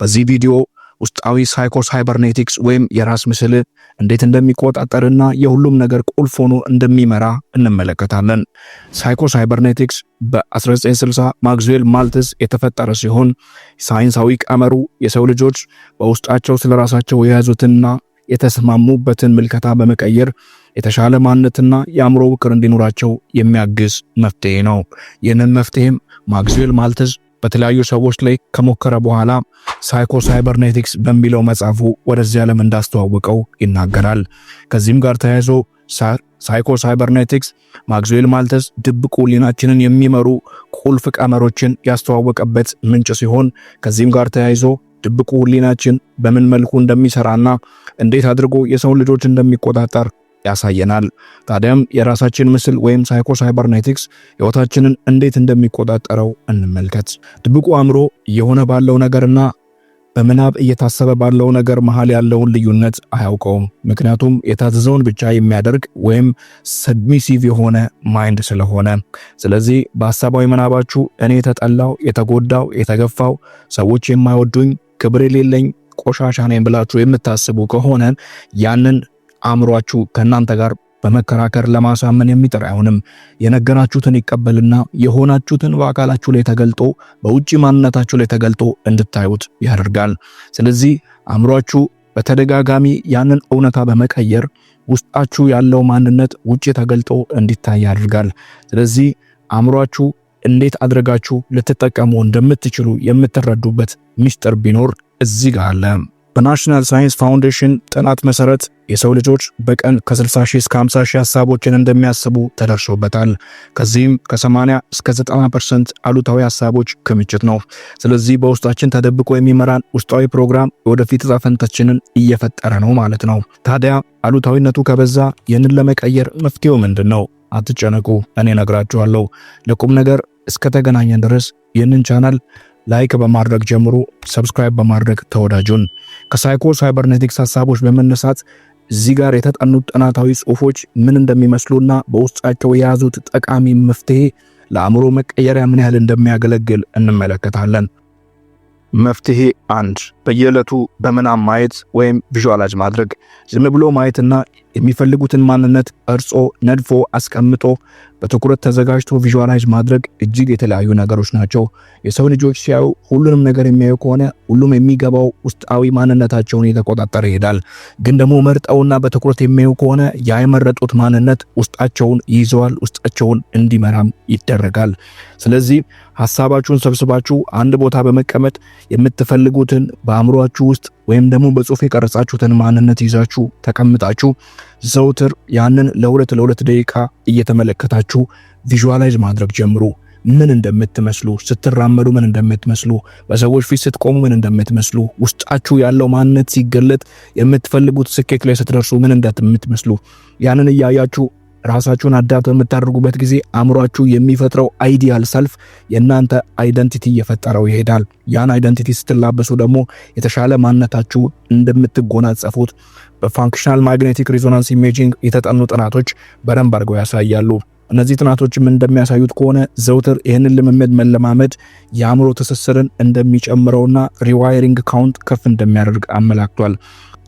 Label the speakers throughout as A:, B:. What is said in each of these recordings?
A: በዚህ ቪዲዮ ውስጣዊ ሳይኮ ሳይበርኔቲክስ ወይም የራስ ምስል እንዴት እንደሚቆጣጠርና የሁሉም ነገር ቁልፍ ሆኖ እንደሚመራ እንመለከታለን። ሳይኮ ሳይበርኔቲክስ በ1960 ማግዝዌል ማልትስ የተፈጠረ ሲሆን ሳይንሳዊ ቀመሩ የሰው ልጆች በውስጣቸው ስለ ራሳቸው የያዙትንና የተስማሙበትን ምልከታ በመቀየር የተሻለ ማንነትና የአእምሮ ውክር እንዲኖራቸው የሚያግዝ መፍትሄ ነው። ይህንን መፍትሄም ማግዝዌል ማልትስ በተለያዩ ሰዎች ላይ ከሞከረ በኋላ ሳይኮ ሳይበርኔቲክስ በሚለው መጽሐፉ ወደዚህ ዓለም እንዳስተዋወቀው ይናገራል። ከዚህም ጋር ተያይዞ ሳይኮ ሳይበርኔቲክስ ማግዝዌል ማልተስ ድብቁ ሊናችንን የሚመሩ ቁልፍ ቀመሮችን ያስተዋወቀበት ምንጭ ሲሆን ከዚህም ጋር ተያይዞ ድብቁ ሕሊናችን በምን መልኩ እንደሚሰራና እንዴት አድርጎ የሰው ልጆች እንደሚቆጣጠር ያሳየናል። ታዲያም የራሳችን ምስል ወይም ሳይኮ ሳይበርኔቲክስ ህይወታችንን እንዴት እንደሚቆጣጠረው እንመልከት። ድብቁ አእምሮ እየሆነ ባለው ነገርና በምናብ እየታሰበ ባለው ነገር መሃል ያለውን ልዩነት አያውቀውም። ምክንያቱም የታዘዘውን ብቻ የሚያደርግ ወይም ሰብሚሲቭ የሆነ ማይንድ ስለሆነ። ስለዚህ በሀሳባዊ ምናባችሁ እኔ የተጠላው፣ የተጎዳው፣ የተገፋው፣ ሰዎች የማይወዱኝ፣ ክብር የሌለኝ ቆሻሻ ነኝ ብላችሁ የምታስቡ ከሆነ ያንን አእምሯችሁ ከእናንተ ጋር በመከራከር ለማሳመን የሚጥር አይሆንም። የነገራችሁትን ይቀበልና የሆናችሁትን በአካላችሁ ላይ ተገልጦ በውጭ ማንነታችሁ ላይ ተገልጦ እንድታዩት ያደርጋል። ስለዚህ አእምሯችሁ በተደጋጋሚ ያንን እውነታ በመቀየር ውስጣችሁ ያለው ማንነት ውጭ ተገልጦ እንዲታይ ያደርጋል። ስለዚህ አእምሯችሁ እንዴት አድርጋችሁ ልትጠቀሙ እንደምትችሉ የምትረዱበት ምስጢር ቢኖር እዚህ ጋር አለ። በናሽናል ሳይንስ ፋውንዴሽን ጥናት መሰረት የሰው ልጆች በቀን ከ60 ሺህ እስከ 50 ሺህ ሀሳቦችን እንደሚያስቡ ተደርሶበታል። ከዚህም ከ80 እስከ 90% አሉታዊ ሀሳቦች ክምችት ነው። ስለዚህ በውስጣችን ተደብቆ የሚመራን ውስጣዊ ፕሮግራም የወደፊት ዕጣ ፈንታችንን እየፈጠረ ነው ማለት ነው። ታዲያ አሉታዊነቱ ከበዛ ይህንን ለመቀየር መፍትሄው ምንድን ነው? አትጨነቁ፣ እኔ ነግራችኋለሁ። ለቁም ነገር እስከተገናኘን ድረስ ይህንን ቻናል ላይክ በማድረግ ጀምሮ ሰብስክራይብ በማድረግ ተወዳጁን ከሳይኮ ሳይበርኔቲክስ ሐሳቦች በመነሳት እዚህ ጋር የተጠኑት ጥናታዊ ጽሑፎች ምን እንደሚመስሉና በውስጣቸው የያዙት ጠቃሚ መፍትሄ ለአእምሮ መቀየሪያ ምን ያህል እንደሚያገለግል እንመለከታለን። መፍትሄ አንድ በየዕለቱ በምናብ ማየት ወይም ቪዥዋላጅ ማድረግ። ዝም ብሎ ማየትና የሚፈልጉትን ማንነት ቀርጾ ነድፎ አስቀምጦ በትኩረት ተዘጋጅቶ ቪዥዋላይዝ ማድረግ እጅግ የተለያዩ ነገሮች ናቸው። የሰው ልጆች ሲያዩ ሁሉንም ነገር የሚያዩ ከሆነ ሁሉም የሚገባው ውስጣዊ ማንነታቸውን እየተቆጣጠረ ይሄዳል። ግን ደግሞ መርጠውና በትኩረት የሚያዩ ከሆነ ያ የመረጡት ማንነት ውስጣቸውን ይይዘዋል፣ ውስጣቸውን እንዲመራም ይደረጋል። ስለዚህ ሀሳባችሁን ሰብስባችሁ አንድ ቦታ በመቀመጥ የምትፈልጉትን በአእምሯችሁ ውስጥ ወይም ደግሞ በጽሁፍ የቀረጻችሁትን ማንነት ይዛችሁ ተቀምጣችሁ ዘውትር ያንን ለሁለት ለሁለት ደቂቃ እየተመለከታችሁ ቪዥዋላይዝ ማድረግ ጀምሩ። ምን እንደምትመስሉ ስትራመዱ፣ ምን እንደምትመስሉ በሰዎች ፊት ስትቆሙ፣ ምን እንደምትመስሉ ውስጣችሁ ያለው ማንነት ሲገለጥ፣ የምትፈልጉት ስኬት ላይ ስትደርሱ ምን እንደምትመስሉ ያንን እያያችሁ ራሳችሁን አዳት በምታደርጉበት ጊዜ አእምሯችሁ የሚፈጥረው አይዲያል ሰልፍ የእናንተ አይደንቲቲ እየፈጠረው ይሄዳል። ያን አይደንቲቲ ስትላበሱ ደግሞ የተሻለ ማንነታችሁ እንደምትጎናጸፉት በፋንክሽናል ማግኔቲክ ሪዞናንስ ኢሜጂንግ የተጠኑ ጥናቶች በደንብ አድርገው ያሳያሉ። እነዚህ ጥናቶችም እንደሚያሳዩት ከሆነ ዘውትር ይህንን ልምምድ መለማመድ የአእምሮ ትስስርን እንደሚጨምረውና ሪዋይሪንግ ካውንት ከፍ እንደሚያደርግ አመላክቷል።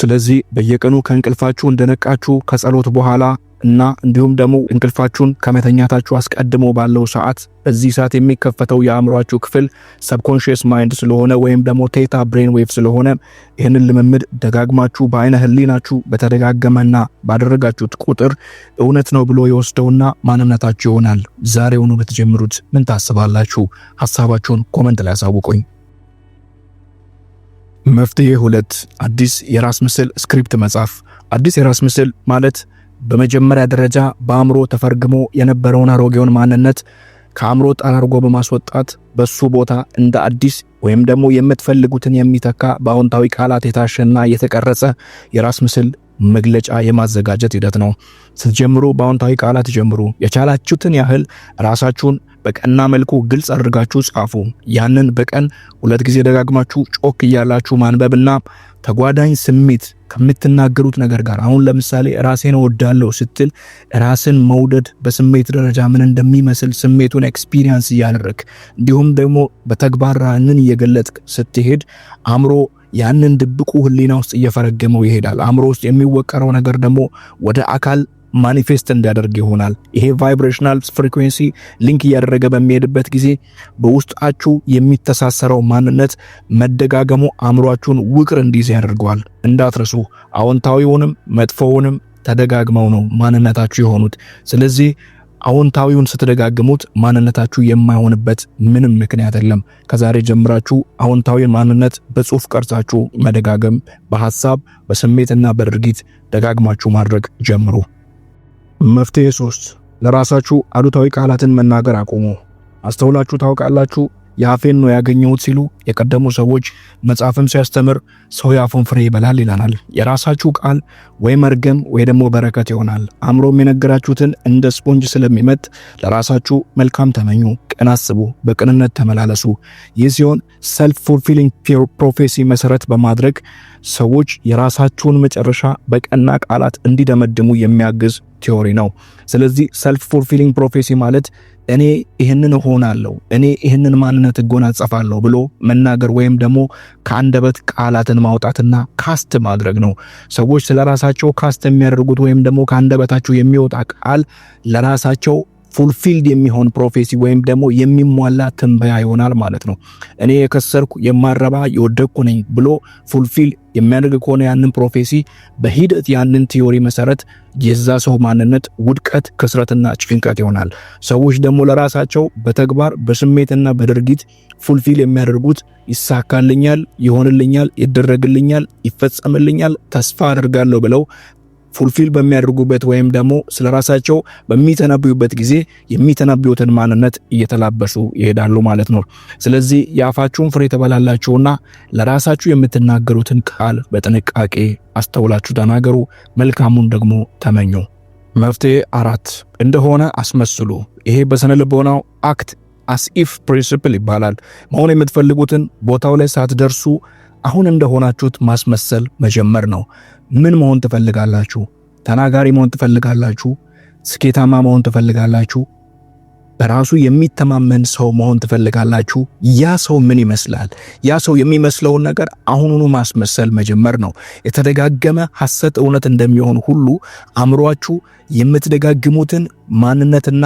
A: ስለዚህ በየቀኑ ከእንቅልፋችሁ እንደነቃችሁ ከጸሎት በኋላ እና እንዲሁም ደግሞ እንቅልፋችሁን ከመተኛታችሁ አስቀድሞ ባለው ሰዓት በዚህ ሰዓት የሚከፈተው የአእምሯችሁ ክፍል ሰብኮንሽስ ማይንድ ስለሆነ ወይም ደግሞ ቴታ ብሬን ዌቭ ስለሆነ ይህንን ልምምድ ደጋግማችሁ በአይነ ህሊናችሁ በተደጋገመና ባደረጋችሁት ቁጥር እውነት ነው ብሎ የወስደውና ማንነታችሁ ይሆናል። ዛሬውኑ ብትጀምሩት ምን ታስባላችሁ? ሀሳባችሁን ኮመንት ላይ አሳውቁኝ። መፍትሄ ሁለት አዲስ የራስ ምስል ስክሪፕት መጻፍ። አዲስ የራስ ምስል ማለት በመጀመሪያ ደረጃ በአእምሮ ተፈርግሞ የነበረውን አሮጌውን ማንነት ከአእምሮ ጠራርጎ በማስወጣት በሱ ቦታ እንደ አዲስ ወይም ደግሞ የምትፈልጉትን የሚተካ በአዎንታዊ ቃላት የታሸና የተቀረጸ የራስ ምስል መግለጫ የማዘጋጀት ሂደት ነው። ስትጀምሩ በአዎንታዊ ቃላት ጀምሩ። የቻላችሁትን ያህል ራሳችሁን በቀና መልኩ ግልጽ አድርጋችሁ ጻፉ። ያንን በቀን ሁለት ጊዜ ደጋግማችሁ ጮክ እያላችሁ ማንበብና ተጓዳኝ ስሜት ከምትናገሩት ነገር ጋር አሁን ለምሳሌ ራሴን እወዳለሁ ስትል ራስን መውደድ በስሜት ደረጃ ምን እንደሚመስል ስሜቱን ኤክስፒሪየንስ እያደረግ እንዲሁም ደግሞ በተግባር ራንን እየገለጥክ ስትሄድ አእምሮ ያንን ድብቁ ህሊና ውስጥ እየፈረገመው ይሄዳል። አእምሮ ውስጥ የሚወቀረው ነገር ደግሞ ወደ አካል ማኒፌስት እንዲያደርግ ይሆናል። ይሄ ቫይብሬሽናል ፍሪኩዌንሲ ሊንክ እያደረገ በሚሄድበት ጊዜ በውስጣችሁ የሚተሳሰረው ማንነት መደጋገሙ አእምሯችሁን ውቅር እንዲይዝ ያደርገዋል። እንዳትረሱ፣ አዎንታዊውንም መጥፎውንም ተደጋግመው ነው ማንነታችሁ የሆኑት። ስለዚህ አዎንታዊውን ስትደጋግሙት ማንነታችሁ የማይሆንበት ምንም ምክንያት የለም። ከዛሬ ጀምራችሁ አዎንታዊን ማንነት በጽሁፍ ቀርጻችሁ መደጋገም፣ በሐሳብ በስሜትና በድርጊት ደጋግማችሁ ማድረግ ጀምሩ። መፍትሄ 3 ለራሳችሁ አሉታዊ ቃላትን መናገር አቁሙ። አስተውላችሁ ታውቃላችሁ? የአፌን ነው ያገኘሁት ሲሉ የቀደሙ ሰዎች መጽሐፍም ሲያስተምር ሰው የአፉን ፍሬ ይበላል ይላናል። የራሳችሁ ቃል ወይ መርገም ወይ ደግሞ በረከት ይሆናል። አእምሮም የነገራችሁትን እንደ ስፖንጅ ስለሚመጥ ለራሳችሁ መልካም ተመኙ፣ ቅን አስቡ፣ በቅንነት ተመላለሱ። ይህ ሲሆን ሰልፍ ፉልፊሊንግ ፕሮፌሲ መሰረት በማድረግ ሰዎች የራሳቸውን መጨረሻ በቀና ቃላት እንዲደመድሙ የሚያግዝ ቲዎሪ ነው። ስለዚህ ሰልፍ ፉልፊሊንግ ፕሮፌሲ ማለት እኔ ይህንን እሆናለሁ፣ እኔ ይህንን ማንነት እጎናጸፋለሁ ብሎ መናገር ወይም ደግሞ ከአንደበት ቃላትን ማውጣትና ካስት ማድረግ ነው። ሰዎች ስለራሳቸው ካስት የሚያደርጉት ወይም ደግሞ ከአንደበታቸው የሚወጣ ቃል ለራሳቸው ፉልፊልድ የሚሆን ፕሮፌሲ ወይም ደግሞ የሚሟላ ትንበያ ይሆናል ማለት ነው። እኔ የከሰርኩ የማረባ የወደቅኩ ነኝ ብሎ ፉልፊል የሚያደርግ ከሆነ ያንን ፕሮፌሲ በሂደት ያንን ቲዮሪ መሰረት የዛ ሰው ማንነት ውድቀት፣ ክስረትና ጭንቀት ይሆናል። ሰዎች ደግሞ ለራሳቸው በተግባር በስሜትና በድርጊት ፉልፊል የሚያደርጉት ይሳካልኛል፣ ይሆንልኛል፣ ይደረግልኛል፣ ይፈጸምልኛል፣ ተስፋ አድርጋለሁ ብለው ፉልፊል በሚያደርጉበት ወይም ደግሞ ስለ ራሳቸው በሚተነብዩበት ጊዜ የሚተነብዩትን ማንነት እየተላበሱ ይሄዳሉ ማለት ነው። ስለዚህ የአፋችሁን ፍሬ ተበላላችሁና ለራሳችሁ የምትናገሩትን ቃል በጥንቃቄ አስተውላችሁ ተናገሩ፣ መልካሙን ደግሞ ተመኙ። መፍትሄ አራት እንደሆነ አስመስሉ። ይሄ በስነ ልቦናው አክት አስኢፍ ፕሪንሲፕል ይባላል። መሆን የምትፈልጉትን ቦታው ላይ ሳትደርሱ አሁን እንደሆናችሁት ማስመሰል መጀመር ነው። ምን መሆን ትፈልጋላችሁ? ተናጋሪ መሆን ትፈልጋላችሁ? ስኬታማ መሆን ትፈልጋላችሁ? በራሱ የሚተማመን ሰው መሆን ትፈልጋላችሁ? ያ ሰው ምን ይመስላል? ያ ሰው የሚመስለውን ነገር አሁኑኑ ማስመሰል መጀመር ነው። የተደጋገመ ሐሰት እውነት እንደሚሆን ሁሉ አእምሯችሁ የምትደጋግሙትን ማንነትና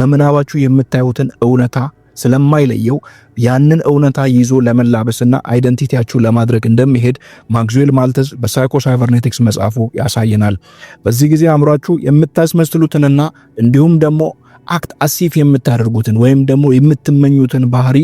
A: በምናባችሁ የምታዩትን እውነታ ስለማይለየው ያንን እውነታ ይዞ ለመላበስና አይደንቲቲያችሁ ለማድረግ እንደሚሄድ ማክዝዌል ማልተዝ በሳይኮሳይበርኔቲክስ መጽሐፉ ያሳየናል። በዚህ ጊዜ አእምሯችሁ የምታስመስሉትንና እንዲሁም ደግሞ አክት አሲፍ የምታደርጉትን ወይም ደግሞ የምትመኙትን ባህሪ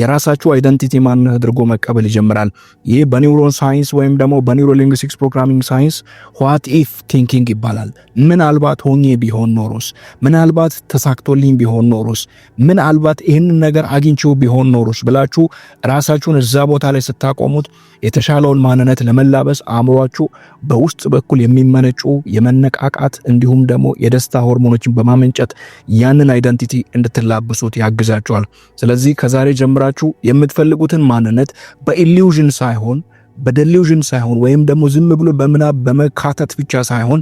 A: የራሳችሁ አይደንቲቲ ማንነት አድርጎ መቀበል ይጀምራል። ይህ በኒውሮን ሳይንስ ወይም ደግሞ ሊንግስቲክስ ፕሮግራሚንግ ሳይንስ ዋት ኢፍ ቲንኪንግ ይባላል። ምናልባት ሆኜ ቢሆን ኖሮስ፣ ምናልባት ተሳክቶልኝ ቢሆን ኖሮስ፣ ምናልባት ይህንን ነገር አግኝቼው ቢሆን ኖሮስ ብላችሁ ራሳችሁን እዛ ቦታ ላይ ስታቆሙት የተሻለውን ማንነት ለመላበስ አእምሯችሁ በውስጥ በኩል የሚመነጩ የመነቃቃት እንዲሁም ደግሞ የደስታ ሆርሞኖችን በማመንጨት ያንን አይደንቲቲ እንድትላብሱት ያግዛችኋል። ስለዚህ ከዛሬ ጀምራችሁ የምትፈልጉትን ማንነት በኢሊውዥን ሳይሆን በደሊዥን ሳይሆን ወይም ደግሞ ዝም ብሎ በምናብ በመካተት ብቻ ሳይሆን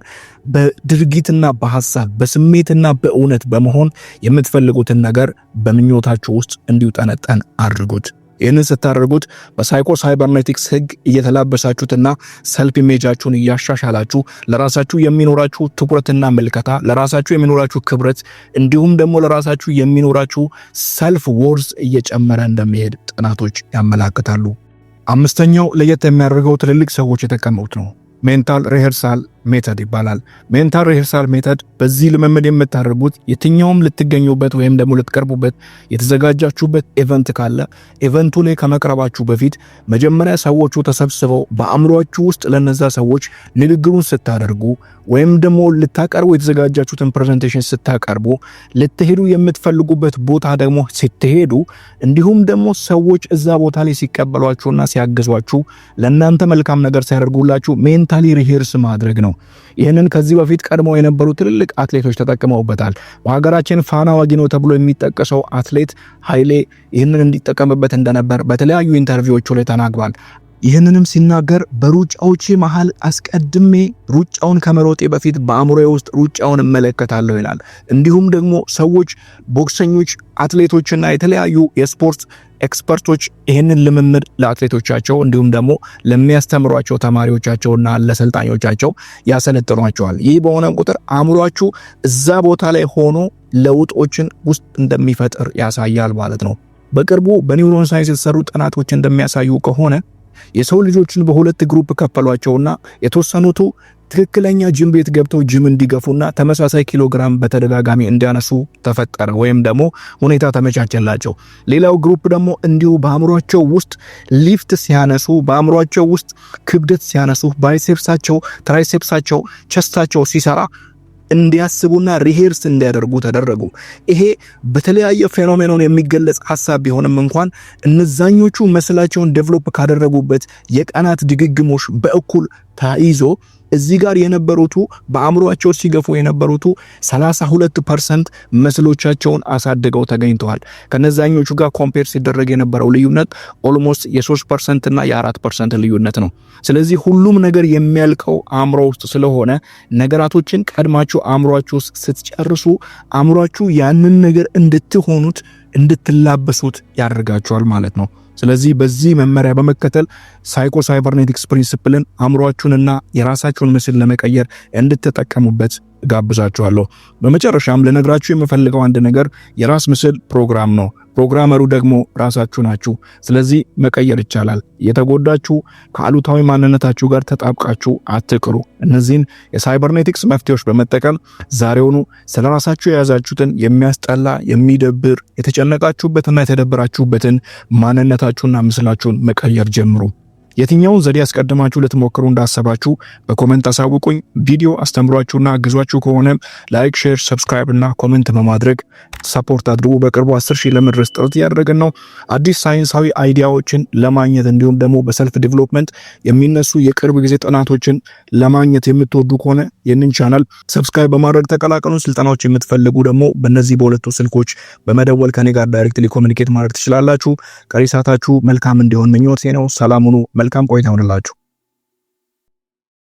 A: በድርጊትና በሐሳብ በስሜትና በእውነት በመሆን የምትፈልጉትን ነገር በምኞታችሁ ውስጥ እንዲውጠነጠን አድርጉት። ይህንን ስታደርጉት በሳይኮ ሳይበርኔቲክስ ህግ እየተላበሳችሁትና ሰልፍ ኢሜጃችሁን እያሻሻላችሁ ለራሳችሁ የሚኖራችሁ ትኩረትና ምልከታ፣ ለራሳችሁ የሚኖራችሁ ክብረት እንዲሁም ደግሞ ለራሳችሁ የሚኖራችሁ ሰልፍ ወርዝ እየጨመረ እንደሚሄድ ጥናቶች ያመላክታሉ። አምስተኛው ለየት የሚያደርገው ትልልቅ ሰዎች የተቀመጡት ነው። ሜንታል ሪሄርሳል ሜተድ ይባላል። ሜንታል ሪሄርሳል ሜተድ በዚህ ልምምድ የምታደርጉት የትኛውም ልትገኙበት ወይም ደግሞ ልትቀርቡበት የተዘጋጃችሁበት ኤቨንት ካለ ኤቨንቱ ላይ ከመቅረባችሁ በፊት መጀመሪያ ሰዎቹ ተሰብስበው በአእምሯችሁ ውስጥ ለነዛ ሰዎች ንግግሩን ስታደርጉ ወይም ደግሞ ልታቀርቡ የተዘጋጃችሁትን ፕሬዘንቴሽን ስታቀርቡ፣ ልትሄዱ የምትፈልጉበት ቦታ ደግሞ ስትሄዱ፣ እንዲሁም ደግሞ ሰዎች እዛ ቦታ ላይ ሲቀበሏችሁና ሲያግዟችሁ ለእናንተ መልካም ነገር ሲያደርጉላችሁ ሜንታሊ ሪሄርስ ማድረግ ነው። ይህንን ከዚህ በፊት ቀድሞ የነበሩ ትልልቅ አትሌቶች ተጠቅመውበታል። በሀገራችን ፋና ዋጊኖ ተብሎ የሚጠቀሰው አትሌት ኃይሌ ይህንን እንዲጠቀምበት እንደነበር በተለያዩ ኢንተርቪዎቹ ላይ ተናግሯል። ይህንንም ሲናገር በሩጫዎች መሃል አስቀድሜ ሩጫውን ከመሮጤ በፊት በአእምሮ ውስጥ ሩጫውን እመለከታለሁ ይላል። እንዲሁም ደግሞ ሰዎች ቦክሰኞች፣ አትሌቶችና የተለያዩ የስፖርት ኤክስፐርቶች ይህንን ልምምድ ለአትሌቶቻቸው እንዲሁም ደግሞ ለሚያስተምሯቸው ተማሪዎቻቸውና ለሰልጣኞቻቸው ያሰለጥኗቸዋል። ይህ በሆነ ቁጥር አእምሯችሁ እዛ ቦታ ላይ ሆኖ ለውጦችን ውስጥ እንደሚፈጥር ያሳያል ማለት ነው። በቅርቡ በኒውሮን ሳይንስ የተሰሩ ጥናቶች እንደሚያሳዩ ከሆነ የሰው ልጆችን በሁለት ግሩፕ ከፈሏቸውና የተወሰኑቱ ትክክለኛ ጅም ቤት ገብተው ጅም እንዲገፉና ተመሳሳይ ኪሎግራም በተደጋጋሚ እንዲያነሱ ተፈጠረ ወይም ደግሞ ሁኔታ ተመቻቸላቸው። ሌላው ግሩፕ ደግሞ እንዲሁ በአእምሯቸው ውስጥ ሊፍት ሲያነሱ፣ በአእምሯቸው ውስጥ ክብደት ሲያነሱ፣ ባይሴፕሳቸው፣ ትራይሴፕሳቸው፣ ቸስታቸው ሲሰራ እንዲያስቡና ሪሄርስ እንዲያደርጉ ተደረጉ። ይሄ በተለያየ ፌኖሜኖን የሚገለጽ ሀሳብ ቢሆንም እንኳን እነዛኞቹ መስላቸውን ዴቨሎፕ ካደረጉበት የቀናት ድግግሞሽ በእኩል ተይዞ እዚህ ጋር የነበሩቱ በአእምሯቸው ሲገፉ የነበሩቱ 32 ፐርሰንት መስሎቻቸውን አሳድገው ተገኝተዋል። ከነዛኞቹ ጋር ኮምፔር ሲደረግ የነበረው ልዩነት ኦልሞስት የ3 ፐርሰንት እና የ4 ፐርሰንት ልዩነት ነው። ስለዚህ ሁሉም ነገር የሚያልቀው አእምሮ ውስጥ ስለሆነ ነገራቶችን ቀድማችሁ አእምሯችሁ ውስጥ ስትጨርሱ አእምሯችሁ ያንን ነገር እንድትሆኑት እንድትላበሱት ያደርጋችኋል ማለት ነው። ስለዚህ በዚህ መመሪያ በመከተል ሳይኮ ሳይበርኔቲክስ ፕሪንስፕልን አእምሯችሁንና የራሳችሁን ምስል ለመቀየር እንድትጠቀሙበት ጋብዛችኋለሁ። በመጨረሻም ልነግራችሁ የምፈልገው አንድ ነገር የራስ ምስል ፕሮግራም ነው። ፕሮግራመሩ ደግሞ ራሳችሁ ናችሁ። ስለዚህ መቀየር ይቻላል። የተጎዳችሁ ከአሉታዊ ማንነታችሁ ጋር ተጣብቃችሁ አትቅሩ። እነዚህን የሳይበርኔቲክስ መፍትሄዎች በመጠቀም ዛሬውኑ ስለ ራሳችሁ የያዛችሁትን የሚያስጠላ የሚደብር የተጨነቃችሁበትና የተደበራችሁበትን ማንነታችሁና ምስላችሁን መቀየር ጀምሩ። የትኛውን ዘዴ ያስቀድማችሁ ልትሞክሩ እንዳሰባችሁ በኮመንት አሳውቁኝ። ቪዲዮ አስተምሯችሁና አግዟችሁ ከሆነ ላይክ፣ ሼር፣ ሰብስክራይብ እና ኮመንት በማድረግ ሰፖርት አድርጉ። በቅርቡ 10 ሺህ ለመድረስ ጥረት እያደረግን ነው። አዲስ ሳይንሳዊ አይዲያዎችን ለማግኘት እንዲሁም ደግሞ በሰልፍ ዲቨሎፕመንት የሚነሱ የቅርብ ጊዜ ጥናቶችን ለማግኘት የምትወዱ ከሆነ ይህንን ቻናል ሰብስክራይብ በማድረግ ተቀላቀሉ። ስልጠናዎች የምትፈልጉ ደግሞ በእነዚህ በሁለቱ ስልኮች በመደወል ከኔ ጋር ዳይሬክትሊ ኮሚኒኬት ማድረግ ትችላላችሁ። ቀሪ ሰዓታችሁ መልካም እንዲሆን ምኞቴ ነው። ሰላም ሁኑ። መልካም ቆይታ ይሆንላችሁ።